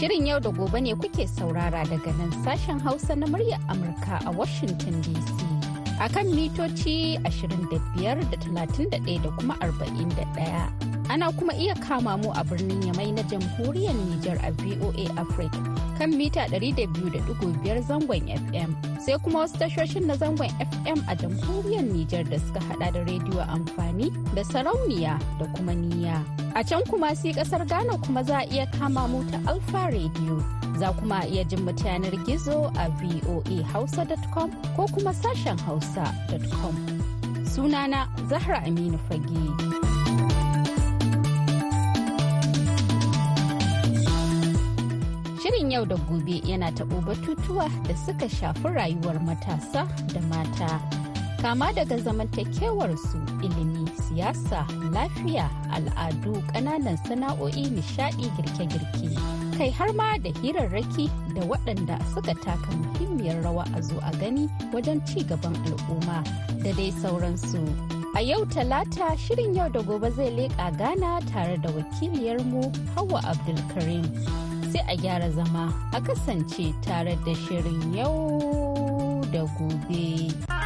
Shirin yau da gobe ne kuke saurara daga nan sashen Hausa na murya Amurka a Washington DC. A kan mitoci 25 da da kuma 41. Ana kuma iya kama mu a birnin Yamai na jamhuriyar Nijar a VOA Africa. kan mita 200.5 zangon FM sai kuma wasu tashoshin na zangon FM a jamhuriyar Nijar da suka hada da rediyo amfani da sarauniya da kuma niya. A can kuma sai kasar Ghana kuma za a iya kama mu ta Alfa Radio. Za kuma a iya jin mu yanar gizo a voahausa.com ko kuma sashen hausa.com. Sunana Zahra Aminu Fage. yau da gobe yana taɓo batutuwa da suka shafi rayuwar matasa da mata. Kama daga zamantakewarsu ilimi, siyasa, lafiya, al'adu, ƙananan sana'o'i, nishaɗi, girke-girke. Kai har ma da hirarraki da waɗanda suka taka muhimmiyar rawa a zo a gani wajen ci gaban al'umma da dai sauransu. A yau talata shirin yau da gobe zai leƙa gana tare da wakiliyarmu hawa Abdulkarim. sai a gyara zama a kasance tare da shirin yau da gobe.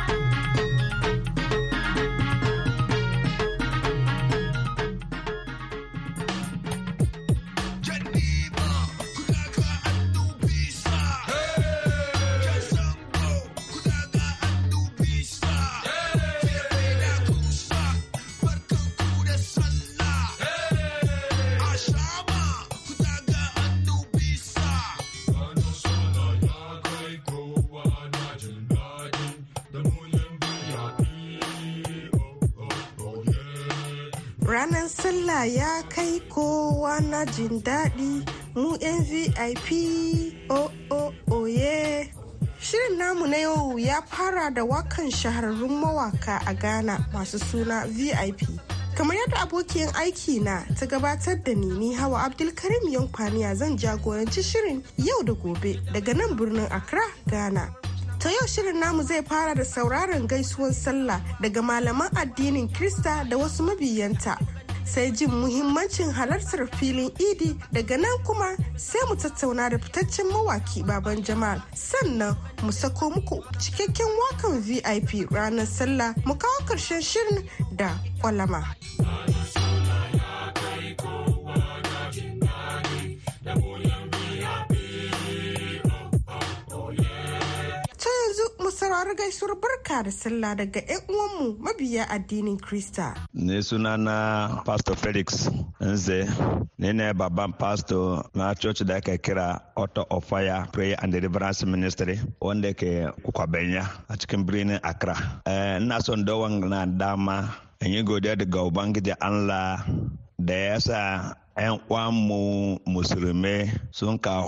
na jin daɗi mu yan vip o oh, oye oh, oh, shirin namu na yau ya fara da wakan shahararrun mawaka a ghana masu suna vip kamar yadda abokiyar aiki na ta gabatar da ni ni hawa abdulkarim yankwaniya zan jagoranci shirin yau da gobe daga nan birnin accra ghana ta yau shirin namu zai fara da sauraron gaisuwan sallah daga malaman addinin krista da wasu mabiyanta sai jin muhimmancin halartar filin idi daga nan kuma sai mu tattauna da fitaccen mawaki baban jamal sannan mu sako muku cikakken wakan vip ranar sallah mu kawo karshen shirin da kwalama. saurari gaisuwar barka da sallah daga 'yan uwanmu mabiya addinin Krista. Ni sunana Pastor Felix Nze, ni ne babban pastor na church da ake kira Otto of Fire Prayer and Deliverance Ministry wanda ke kwabenya a cikin birnin Accra. Eh, ina son dawon na dama in yi godiya da daga Ubangiji Allah da ya sa 'yan uwanmu musulmi sun ka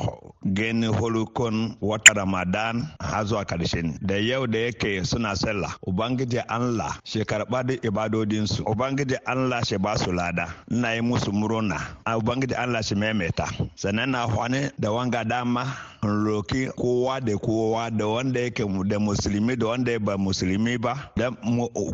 gani farkon wata ramadan har zuwa karshe da yau da yake suna sallah ubangiji allah shi karɓa da ibadodinsu ubangiji allah shi ba su lada ina yi musu murna ubangiji allah shi maimaita sannan na hwani da wanga dama roki kowa da kowa da wanda yake da musulmi da wanda ba musulmi ba da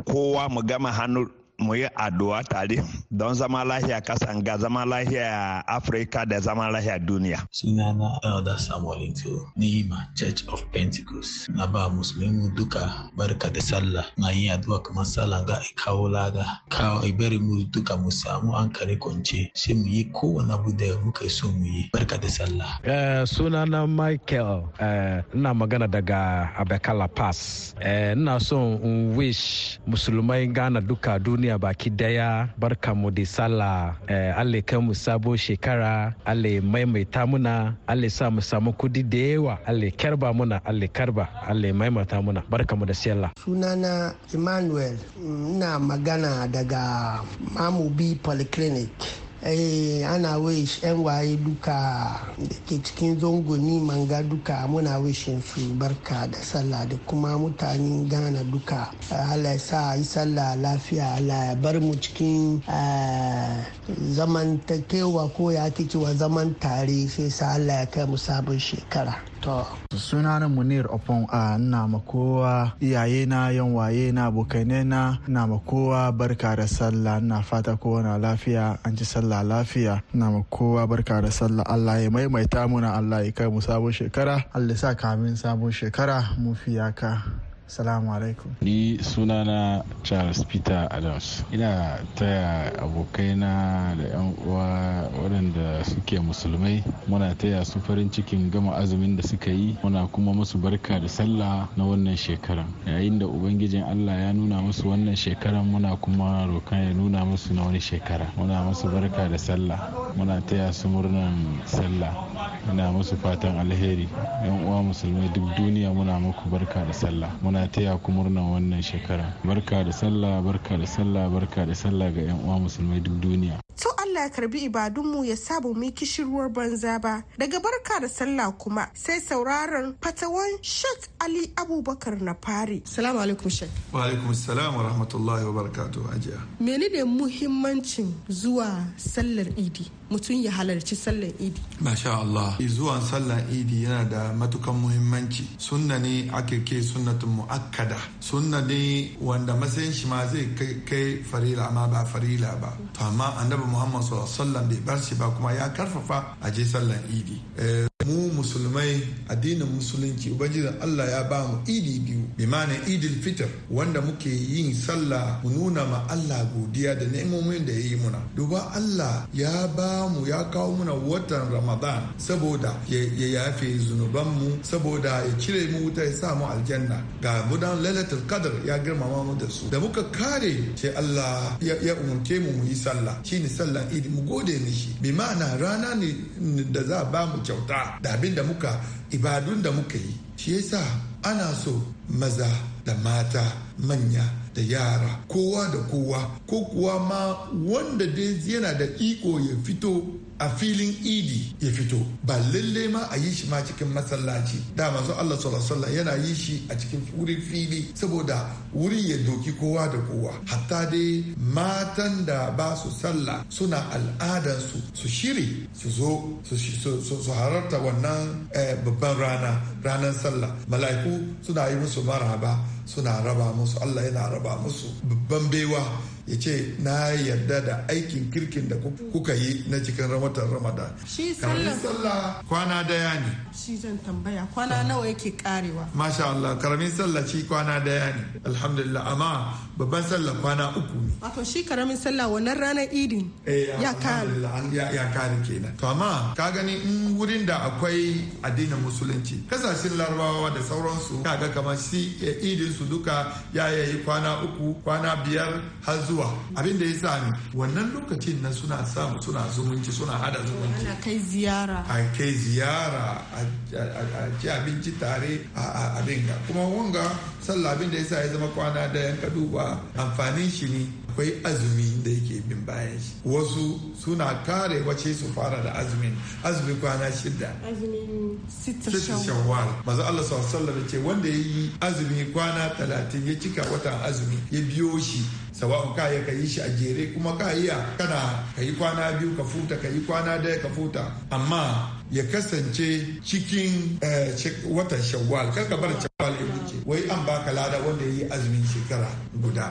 kowa mu gama hannu mu yi addu'a tare don zama lahiya kasan ga zama lahiya afirka da zama lahiya duniya sunana elder samuel into nima church of pentecost na ba musulmi duka barka da sallah na yi addu'a kamar sallah ga kawo lada kawo ibari mu duka mu samu an kare kwance sai mu yi kowane abu da muka so mu yi barka da sallah eh, sunana michael eh, ina magana daga abekala pass eh, ina son in wish musulmai gana duka duniya duniya baki daya barka mu da sallah eh, Allah kai mu sabo shekara Allah maimaita muna Allah sa mu samu kudi da yawa Allah karba muna Allah karba Allah maimaita muna barka mu da sallah sunana Emmanuel ina magana daga Mamubi Polyclinic Eh, ana wish yan waye duka da ke cikin zongoni manga duka muna wishin su barka da sallah da kuma mutanen gana duka allah sa yi sallah lafiya allah ya bar mu cikin eh, zamantakewa ko ya kici zaman tare sai sa allah ya kai mu sabon shekara To. na Munir Opon a na makowa kowa iyaye na yan waye na na na makowa kowa barka da sallah na fata kowa na lafiya an ji sallah lafiya na makowa barka da sallah Allah ya maimaita muna Allah ya kai mu sabon shekara Allah sa kamin sabon shekara mu ka. Salamu alaikum. Ni sunana Charles Peter Adams. Ina taya abokaina da 'yan uwa waɗanda suke musulmai. Muna taya su farin cikin gama azumin da suka yi. Muna kuma musu barka da sallah na wannan shekaran. Yayin da Ubangijin Allah ya nuna musu wannan shekaran muna kuma rokan ya nuna musu na wani shekara. Muna musu barka da sallah. Muna taya su murnan sallah. Ina musu fatan alheri. 'Yan uwa musulmai duk duniya muna muku barka da sallah. Muna taya ku murnar wannan shekara barka da sallah barka da sallah barka da sallah ga yan uwa musulmai duk duniya Allah ya karbi ibadunmu ya sa ba mu kishirwar banza ba. Daga barka da sallah kuma sai sauraron fatawan Sheikh Ali Abubakar na fari. Salamu alaikum Sheikh. Wa alaikum salam wa rahmatullahi wa barakatu ajiya. Menene muhimmancin zuwa sallar Idi? Mutum ya halarci sallar Idi. Masha Allah. Zuwan sallar Idi yana da matukan muhimmanci. Sunna ne ake ke sunnatun mu'akkada. Sunna ne wanda matsayin shi ma zai kai farila amma ba farila ba. To amma Annabi Muhammad manzo sallan bai bar shi ba kuma ya karfafa a je sallan idi eh, mu musulmai addinin musulunci ubangiji Allah ya ba mu idi biyu bi ma'ana idil fitr wanda muke yin sallah mu nuna ma Allah godiya da ni'imomin da ya yi muna duba Allah ya ba mu ya kawo muna watan Ramadan saboda ya yafe zunuban mu saboda ya cire mu wuta ya sa mu aljanna ga mudan lailatul qadr ya girmama mu da su da muka kare sai Allah ya umurce mu mu yi sallah shine sallah idi mu gode mishi bi ma'ana rana ne da za ba mu kyauta da abin da muka ibadun da muka yi shi yasa ana so maza da mata manya da yara kowa da kowa ko kuwa ma wanda dai yana da iko ya fito a filin idi ya fito ba lalle ma a yi shi ma cikin masallaci da manzo Allah sallallahu yana yi shi a cikin wurin fili saboda wurin ya doki kowa da kowa hatta dai matan da ba su sallah suna al'adar su shiri su zo su hararta wannan eh, babban rana ranar sallah mala'iku suna yi musu maraba suna raba musu Allah yana raba musu babban baiwa ya ce na yarda da aikin kirkin da kuka yi na cikin watan ramada shi sallah kwana daya ne shi zan tambaya kwana nawa yake karewa masha Allah karamin sallah shi kwana daya ne alhamdulillah amma babban sallah kwana uku ne wato shi karamin sallah wannan ranar idin eh, ya kare ya kare kenan to amma ka gani in wurin da akwai addinin musulunci kasashen larabawa da sauransu kaga kamar shi eh, idin su duka ya yayi kwana uku kwana biyar har zuwa abin da ya sa ni wannan lokacin nan suna samu suna zumunci suna hada zumunci a kai ziyara a kai ziyara a ci abinci tare a abin ga kuma wanga sallah abin da ya sa ya zama kwana da yanka duba amfanin shi ne akwai azumi da yake bin bayan shi wasu suna kare wace su fara da azumin azumi kwana shida azumin shawwal maza Allah sallar ce wanda ya yi azumi kwana talatin ya cika watan azumi ya biyo shi sawa'un ka ya yi shi a jere kuma ka iya kana ka yi kwana biyu ka futa ka yi kwana daya ka futa amma ya kasance cikin eh, watan shawwal kar ka bar shawwal ya wuce wai an baka lada wanda ya yi azumin shekara guda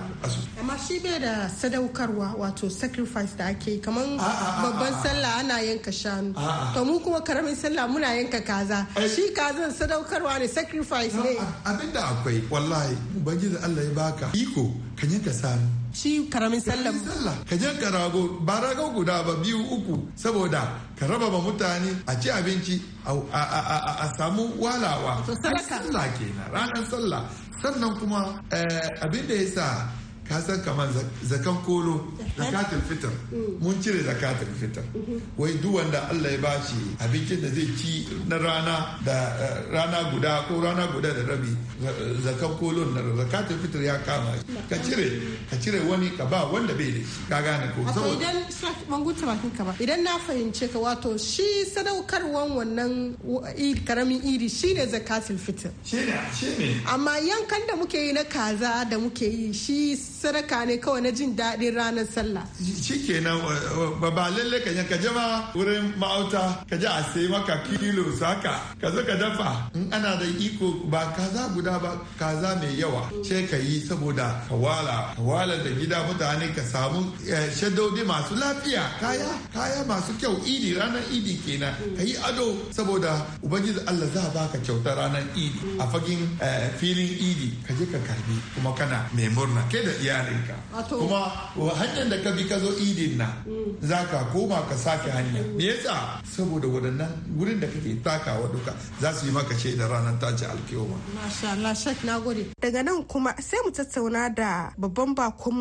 amma shi bai da sadaukarwa wato sacrifice da ake kamar babban sallah ana yanka shanu to mu kuma karamin sallah muna yanka kaza shi kazan sadaukarwa ne sacrifice ne abinda akwai wallahi ubangiji Allah ya baka iko kan yanka sanu shi karamin sallah ka je ka rago ba rago guda ba biyu uku saboda ka raba ba mutane a ci abinci a samu walawa sallah kenan ranar sallah sannan kuma eh, abin da ya sa ka san kamar zakan kolo zakatul fitar mm. mun cire zakatul fitar mm-hmm. wai duk wanda Allah ya bashi abincin da zai ci na rana da eh, rana guda ko rana guda da rabi zakan kolo na zakatul fitar ya kama ka cire ka cire wani ka ba wanda bai da shi ka gane ko saboda idan ban guta bakin ka ba idan na fahimce ka wato shi sadaukarwan wannan karamin iri shine zakatul fitar shine shine amma yankan da muke yi na kaza da muke yi shi sadaka ne kawai na jin daɗin ranar sallah shi nan ba lalle ka ka je ma wurin ma'auta ka je a sai maka kilo saka ka zo ka dafa in ana da iko ba kaza guda ba kaza mai yawa ce ka yi saboda kawala kawala da gida mutane ka samu eh, shaddodi masu lafiya kaya kaya masu kyau idi ranar idi kenan ka yi ado saboda ubangiji Allah za ba ka kyauta ranar idi a fagin eh, filin idi ka je ka karbi kuma kana mai murna ke da yarinka kuma hanyar da ka bi ka zo idin na mm. za ka koma ka sake hanya mm. me yasa saboda waɗannan wurin da kake takawa duka za su yi maka shaidar ranar tace alkiyoma daga nan kuma sai mu tattauna da babban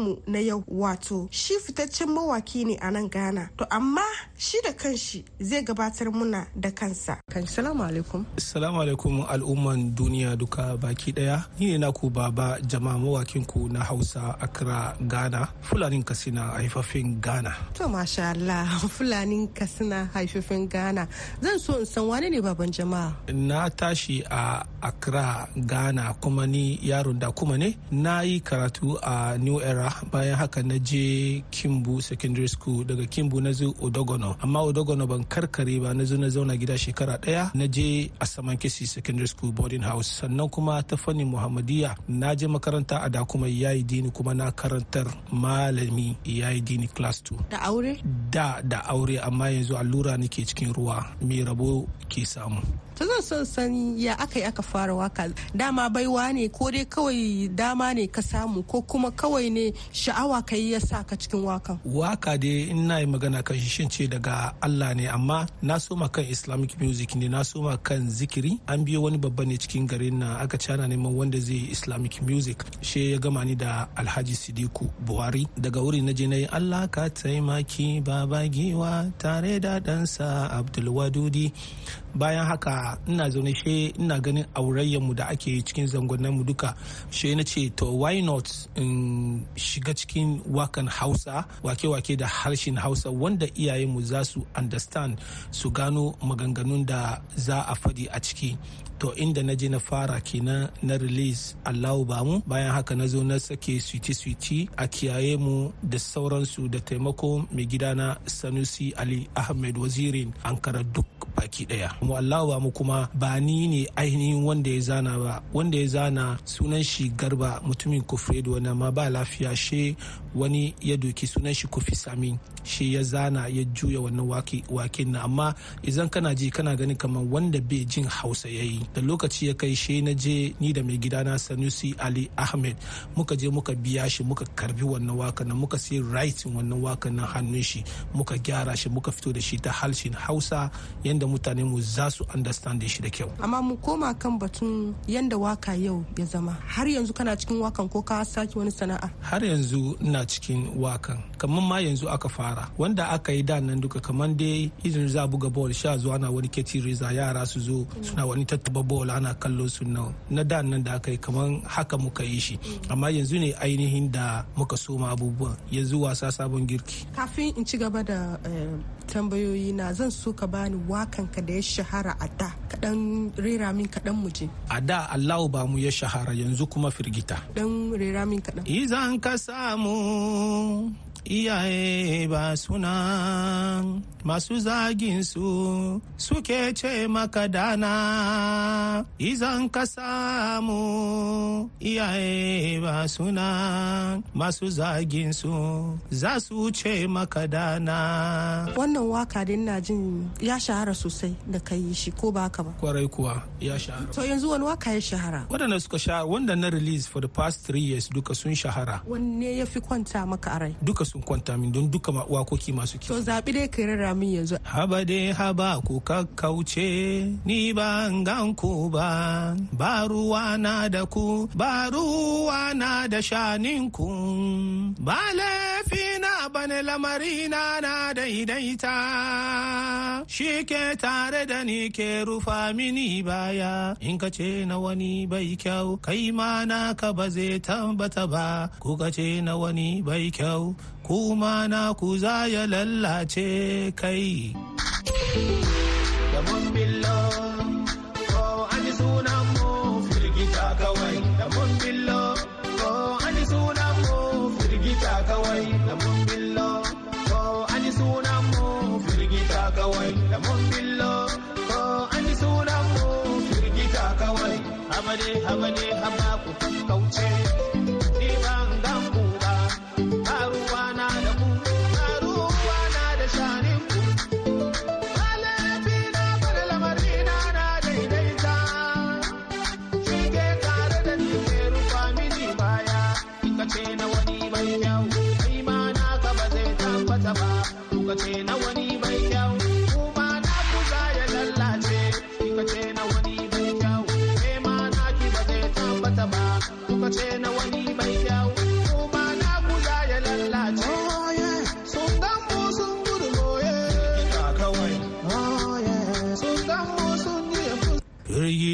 mu na yau wato shi fitaccen mawaki ne a nan Ghana to amma shi da kanshi zai gabatar muna da kansa kan salamu alaikum salamu alaikum al'umman duniya duka baki daya ni ne naku baba jama'a mawakin ku na Hausa Accra, Ghana, fulani Kasina haifafin Ghana. To masha Allah, Fulanin Kasina haifafin Ghana. Zan so in san wane ne baban jama'a? Na tashi a akra Ghana kuma ni yaron da kuma ne. Na yi karatu a New Era bayan haka na je Kimbu Secondary School daga Kimbu na zo Odogono. Amma Odogono ban karkare ba na zo na zauna gida shekara ɗaya na je a saman kisi Secondary School Boarding House sannan kuma ta fannin Muhammadiyya na je makaranta a da kuma yayi dini kuma Mana karantar malami ya yi dini class 2 da aure da da aure amma yanzu allura nake cikin ruwa mai rabo ke samu ta zan son san ya aka yi aka fara waka dama baiwa ne ko dai kawai dama ne ka samu ko kuma kawai ne sha'awa ka yi ya sa ka cikin waka. waka dai in na yi magana kan shi ce daga Allah ne amma na soma kan islamic music ne na soma kan zikiri an biyo wani babba ne cikin garin na aka cana neman wanda zai yi islamic music she ya gama ni da alhaji sidiku buhari daga wuri na je na yi Allah ka taimaki baba giwa tare da ɗansa abdulwadudi bayan haka ina zaune she ina ganin aurayen da ake cikin zangonan mu duka she na ce to why not in um, shiga cikin wakan hausa wake-wake da harshen hausa wanda iyayen mu za su understand su gano maganganun da za a faɗi a ciki to inda na je na fara kenan na release allahu bamu bayan haka na zo na sake switi-switi a kiyaye mu da sauransu da taimako mai gidana sanusi ali ahmed wazirin ankara duk baki daya mu allahu bamu kuma ba ni ne ainihin wanda ya zana ba wanda ya zana sunan shi garba mutumin kufredo na ma ba lafiya she wani ya doki sunan shi kofi sami shi ya zana ya juya wannan waken na amma idan kana ji kana ganin kamar wanda bai jin hausa ya yi da lokaci ya kai she na je ni da mai na sanusi ali ahmed muka je muka biya shi muka karbi wannan wakan nan muka sai writing wannan wakan na hannun shi muka gyara shi muka fito da shi ta halshin hausa yadda mutane mu za su understand shi da kyau amma mu koma kan batun yanda waka yau ya zama har yanzu kana cikin wakan ko ka saki wani sana'a har yanzu ina cikin wakan kamar ma yanzu aka fara wanda aka yi da nan duka kamar dai izini za buga ball sha zuwa na wani keti reza yara su zo suna wani tattaba ball ana kallo su na da nan da aka yi kamar haka muka yi shi amma yanzu ne ainihin da muka soma abubuwan yanzu wasa sabon girki kafin in ci gaba da eh, tambayoyi na zan so ka bani wakanka da ya shahara a da kaɗan rera min kaɗan mu je. A da Allahu ba mu ya shahara yanzu kuma firgita. Dan rera min kaɗan. Izan ka samu iyaye ba suna masu zagin su suke ce maka dana izan ka samu iyaye ba suna masu zagin su za su ce maka dana wannan waka din na jin ya shahara sosai da ka yi shi ko ba ka ba kwarai kuwa ya shahara to yanzu wani waka ya shahara wadanda suka shahara wanda na release for the past three years duka sun shahara wanne ya fi kwanta maka a rai duka sun kwanta min don duka wakoki masu kyau. To zaɓi dai ka rara min yanzu. Haba dai haba ku kakkauce ni ba gan ku ba ba ruwa na da ku ba ruwa na da shanin ku ba laifi na ne lamari na na daidaita shi ke tare da ni ke rufa mini baya in ka ce na wani bai kyau kai ma naka ba zai tabbata ba ku ka ce na wani bai kyau kuma na ku za ya lallace kai.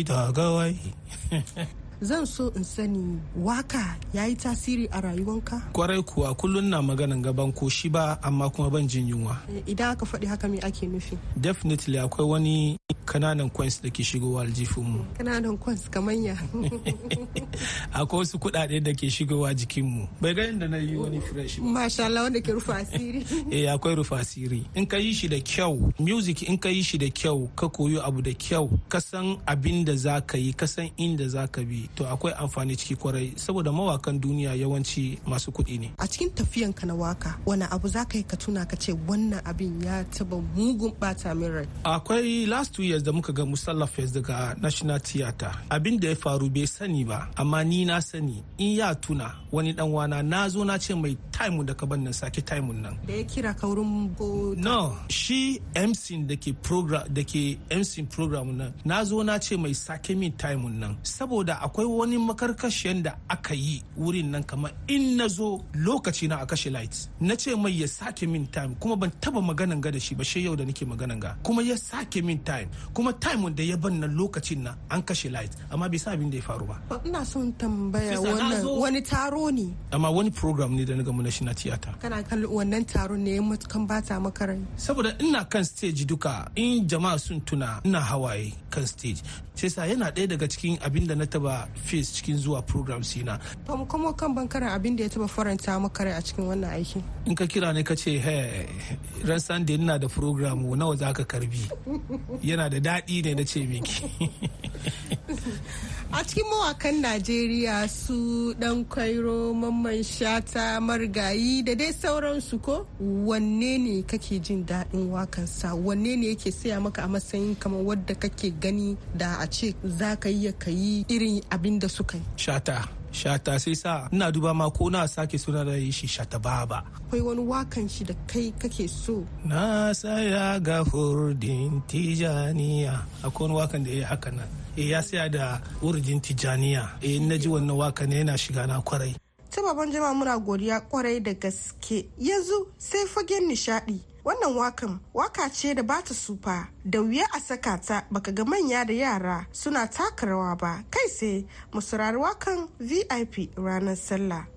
したかわい zan so in sani waka ya yi tasiri a rayuwanka? Kwarai kuwa kullum na maganin gaban koshi ba amma kuma ban jin yunwa. Eh, idan aka faɗi haka me ake nufi? Definitely akwai wani kananan coins da ke shigowa aljifinmu. Kananan coins ka manya akwai wasu kuɗaɗe da ke shigowa jikinmu. Bai ga yadda na yi wani fresh. Masha Allah wanda ke rufa asiri. eh akwai rufa asiri. In ka yi shi da kyau, music in ka yi shi da kyau, ka koyo abu da kyau, ka san abin da za ka yi, ka san inda za ka bi. to akwai amfani ciki kwarai saboda mawakan duniya yawanci masu kuɗi ne a cikin tafiyan ka na waka wani abu za ka yi ka tuna ka ce wannan abin ya taba mugun bata min rai akwai last two years da muka ga musalla fest daga national theater abin da ya faru bai sani ba amma ni na sani in ya tuna wani dan wana na zo na ce mai time da ka nan sake time nan da ya kira ka wurin no shi MC da ke program da ke MC program nan na zo na ce mai sake min time nan saboda akwai akwai wani makarkashiyar da aka yi wurin nan kamar in na zo lokaci na a kashe light na ce mai ya sake min time kuma ban taba maganan ga da shi ba shi yau da nake maganan ga kuma ya sake min time kuma time da ya ban na lokacin na an kashe light amma bai sa abin da ya faru ba ina son tambaya wannan wani taro ne amma wani program ne da na gamu na shi na tiyata kana kan wannan taro ne matukan bata maka rai saboda ina kan stage duka in jama'a sun tuna ina hawaye kan stage sai sa yana ɗaya daga cikin abin da na taba face cikin zuwa program sina. Ba mu kuma kan bankaran abin da ya taba faranta maka rai a cikin wannan aiki. In ka kira ne ka ce he ran sande ina da program nawa za ka karbi. Yana da daɗi ne na ce miki. a cikin mawakan najeriya su dan kwairo mamman shata marigayi da dai sauransu ko wanne ne kake jin daɗin wakansa wanne ne yake saya maka a matsayin kamar wadda kake gani da a ce za ka iya ka yi irin abin da suka yi shata shata sai sa ina duba ma ko na sake suna da yi shi shata ba akwai wani wakan shi da kai kake so na saya ga hurdin tijaniya akwai wani wakan da ya yi haka nan e ya siya da urjin tijaniya e eh, na ji wannan waka ne yana shiga na kwarai ta baban jama muna godiya kwarai da gaske yanzu sai fagen nishadi wannan wakan waka ce da bata sufa da wuya a saka ta baka ga manya da yara suna taka rawa ba kai sai mu sarari wakan vip ranar sallah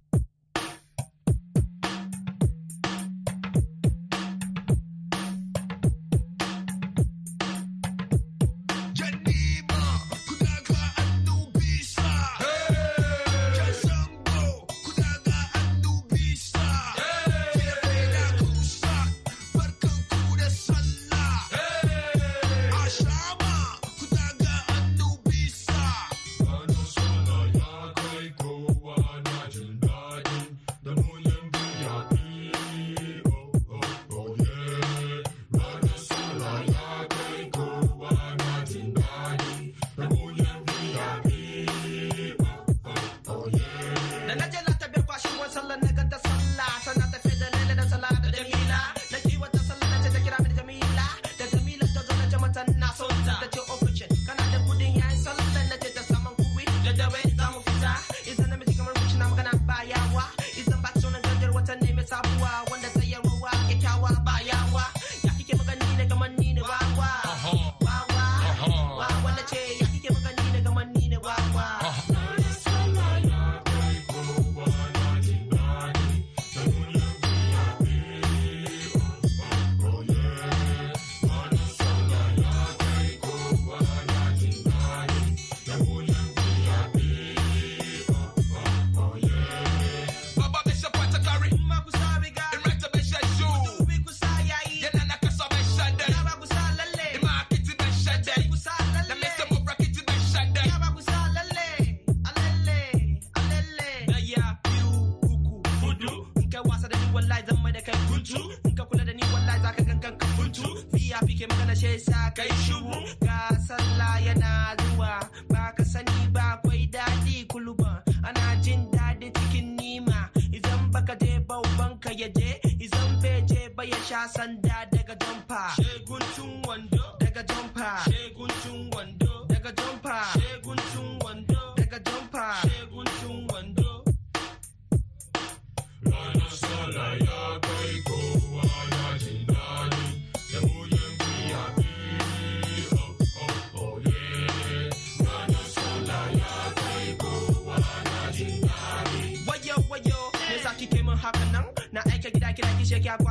Bayagua.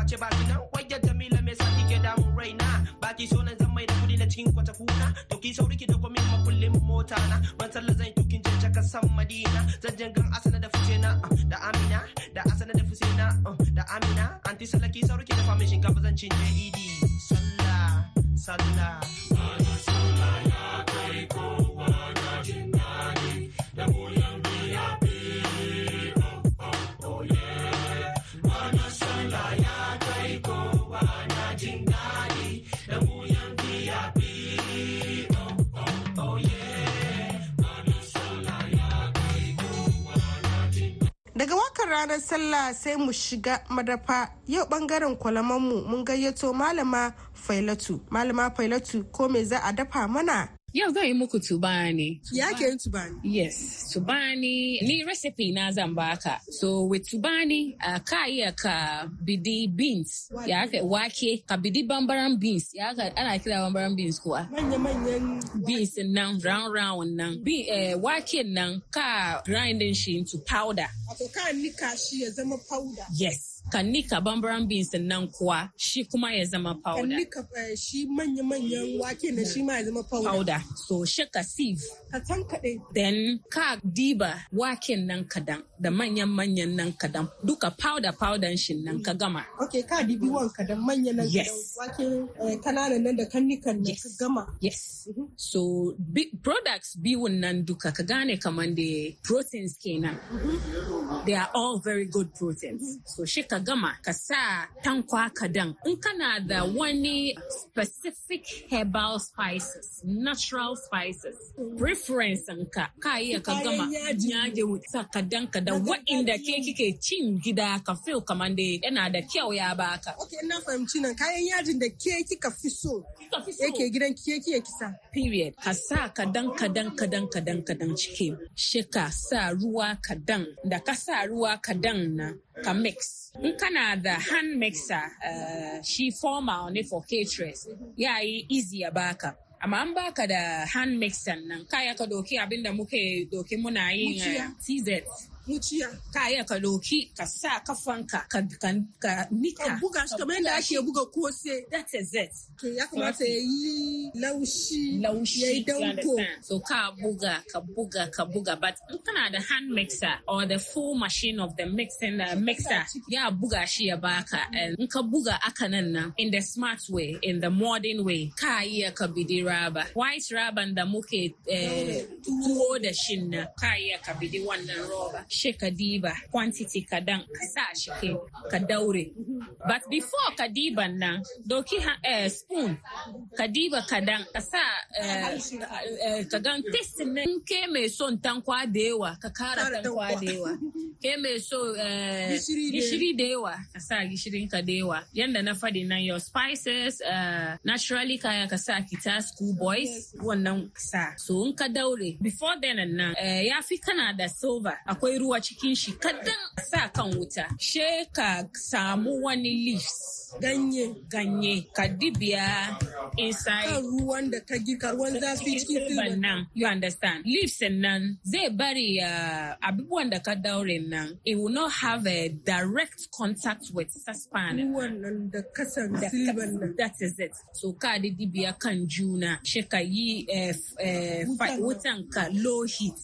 ce ba su nan wayar jamila mai sati ke damun rai na baki so na zan mai da kudi na cikin kwata kuna to ki sauri ki da min makullin mota na ban sallah zan tukin je ka san madina zan jangan asana da na uh, da amina da asana da na uh, da amina anti salaki sauri ki da famin shinkafa zan cinye idi ranar sallah sai mu shiga madafa yau bangaren kwalamanmu mun gayyato malama failatu malama failatu ko me za a dafa mana yau zan yi muku tubani. Ya ke tubani? Yes, tubani ni recipe na zan baka. So with tubani uh, ka iya ka bidi beans ya ka wake ka bidi bambaran beans ya ka ana kira bambaran beans kuwa. Manya-manyan beans nan round round nan. Be, eh, wake nan ka grinding shi into powder. Ato ka nika shi ya zama powder. Yes. kan nika bambaran beans nan kuwa shi kuma ya zama powder. Kan nika eh, shi manya-manyan wake na shi ma ya zama powder. Powder. So shi ka sieve. Ka can kaɗe. Then ka diba waken nan kadan da manyan-manyan nan kadan duka powder powder shi nan ka gama. Okay ka dibi wan kadan manyan nan yes. kadan wake eh, kananan nan da kan nikan nan ka gama. Yes. Mhm. So products biyun nan duka ka gane kamar da proteins kenan. Mhm. They are all very good proteins. Mhm. So shi ka gama ka sa tankwa dan in kana da wani specific herbal spices natural spices preference ka ka iya ka gama je wuta ka da wa'inda ke kike cin gida ka feel kamar da yana da kyau ya baka okay na fahimci nan kayan yajin da ke kika fi so yake gidan ke ki kisa period ka sa dan ka dan ka dan ciki shi ka sa ruwa dan da ka sa ruwa dan na ka mix in kana da hand mixer uh, shi formal ne for caterers ya yi easy ya baka amma an baka da hand mixer nan kaya ka doki abinda muke doki muna yin uh, eh, tz muciya kaya ka doki ka sa kafanka ka ka nika ka buga shi kamar yadda ake buga kose that is it to ya kamata ya yi laushi laushi ya yi danko so ka buga ka buga ka buga but in kana da hand mixer or the full machine of the mixing uh, mixer ya buga shi ya baka in ka buga aka nan in the smart way in the modern way ka iya ka bidi raba white raban da muke eh, tuwo da shin nan ka iya ka bidi wannan roba she ka diba quantity kadan ka sa shi ke ka daure but before ka diban nan doki eh, spoon ka diba kadan ka sa eh, eh, ka gan test nan ke mai son tankwa da yawa ka kara tankwa da yawa ke mai so eh, gishiri da yawa ka sa gishirin ka da yawa yanda na fadi nan your spices uh, naturally kaya ka sa kita school boys wannan sa so in ka daure before then nan eh, ya fi kana da silver akwai ruwa cikin shi sa kan wuta she ka samu wani leaves ganye ganye ka dibiya inside kan ruwan da ka zafi cikin you understand leaves nan zai bari uh, abubuwan da ka daure nan it will not have a direct contact with saspan ruwan nan da kasan that is it so ka dibiya kan juna she ka yi eh, eh, wutan ka low heat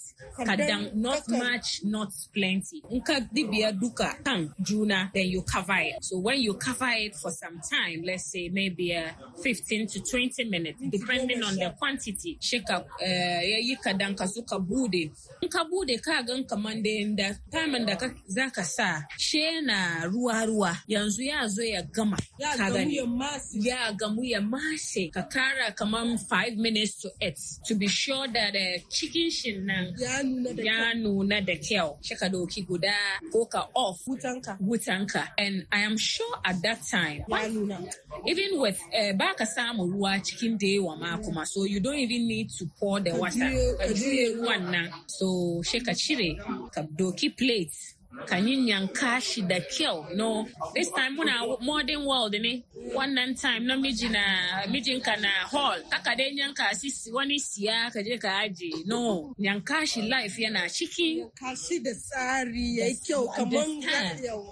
ka dan not much not costs plenty. In ka dibiya duka kan juna, then you cover it. So when you cover it for some time, let's say maybe uh, 15 to 20 minutes, depending on the quantity, shi ka uh, yayi ka dan ka suka bude. In ka bude ka gan kaman da da time da za ka sa she na ruwa-ruwa yanzu ya zo ya gama. Ka gani. Ya gamu ya mase. Ka kara kaman 5 minutes to eat to be sure that the uh, chicken shin nan ya nuna da kyau. off ka doki guda ko ka off wutanka wutanka and i am sure at that time even with uh, eh, ba ka samu ruwa cikin da yawa ma kuma so you don't even need to pour the water ka juye ruwan nan so shi ka cire ka doki plate kanyinyanka da kyau no this time muna modern world ne wannan time na miji na mijinka na hall aka dai yanka si wani siya ka je ka aje no yanka shi life yana ciki yanka shi da tsari ya kyau kaman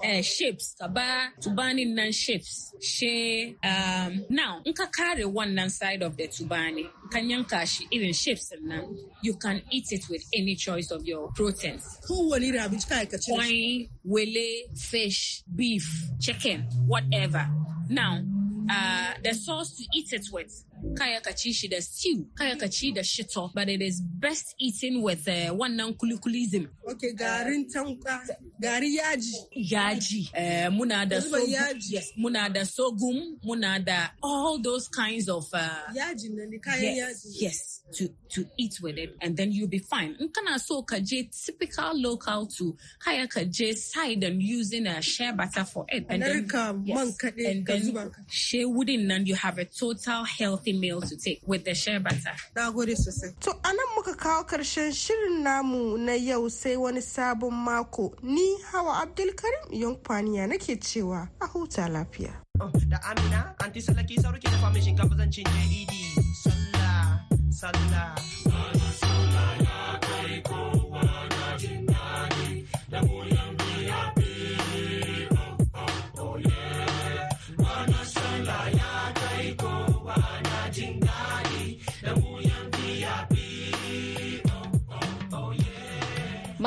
eh shapes ka ba tubani nan shapes she um, now in ka kare wannan side of the tubani kan yanka shi irin shapes nan you can eat it with any choice of your proteins kowane abinci ka aikace swine, wele, fish, beef, chicken, whatever. Now, uh, the sauce to eat it with kayakaci shi da stew kayakaci da shito but it is best eating with uh, wannan kulikulism okay garin uh, tanka gari yaji yaji uh, muna da so yes muna da sogum muna da all those kinds of uh, yaji ni kaya. yes, yaji yes to to eat with it and then you'll be fine in kana so kaje typical local to kaya ka side and using a shea butter for it and then, yes, and then she wouldn't and you have a total healthy meal to take with the shea butter. Na gode sosai. To a nan muka kawo karshen shirin namu na yau sai wani sabon mako. Ni Hawa Abdulkarim Yankwaniya nake cewa a huta lafiya. Da Amina, anti Salaki ke da famishin kafa zancin sallah. Sallah, sallah.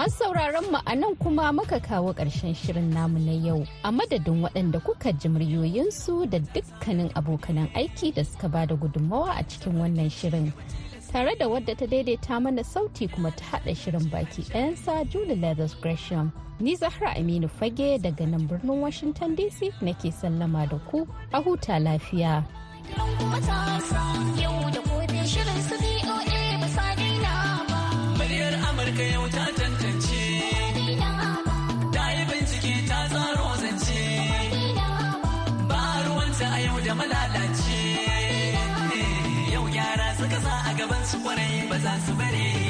Masu sauraron mu a nan kuma muka kawo ƙarshen shirin namu na yau a madadin waɗanda kuka ji muryoyinsu da dukkanin abokanan aiki da suka ba da gudunmawa a cikin wannan shirin. Tare da wadda ta daidaita mana sauti kuma ta haɗa shirin baki ɗayansa Julie Leathers Gresham. Ni Zahra Aminu Fage daga nan birnin Washington DC nake sallama da ku a huta lafiya. malalace eh, yau yara suka sa a gaban su kwarai ba za su bare